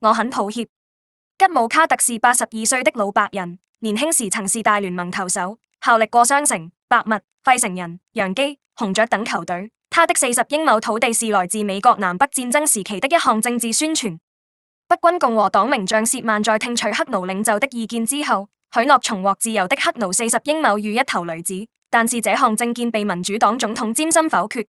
我很抱歉。吉姆卡特是八十二歲的老白人，年輕時曾是大聯盟投手，效力過雙城、白襪、費城人、洋基、紅雀等球隊。他的四十英畝土地是來自美國南北戰爭時期的一項政治宣傳。北軍共和黨名將薛曼在聽取黑奴領袖的意見之後，許諾重獲自由的黑奴四十英畝與一頭驢子，但是這項政見被民主黨總統詹森否決。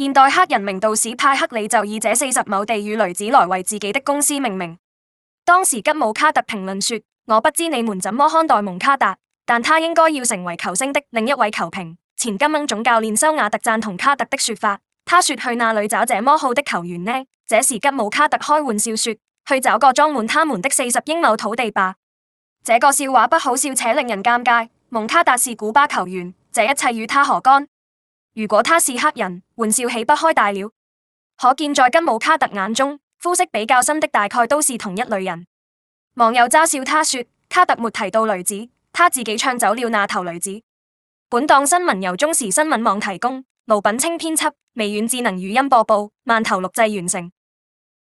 現代黑人名導史派克李就以這四十畝地與雷子來為自己的公司命名。當時吉姆卡特評論說：我不知你們怎麼看待蒙卡達，但他應該要成為球星的另一位球評，前金恩總教練修亞特贊同卡特的說法。他說：去那裏找這麼好的球員呢？這時吉姆卡特開玩笑說：去找個裝滿他們的四十英畝土地吧。這個笑話不好笑且令人尷尬。蒙卡達是古巴球員，這一切與他何干？如果他是黑人，玩笑豈不開大了。可見在根姆卡特眼中，膚色比較深的大概都是同一類人。網友嘲笑他說：卡特沒提到驢子，他自己唱走了那頭驢子。本檔新聞由中時新聞網提供，盧品清編輯，微軟智能語音播報，饅頭錄製完成。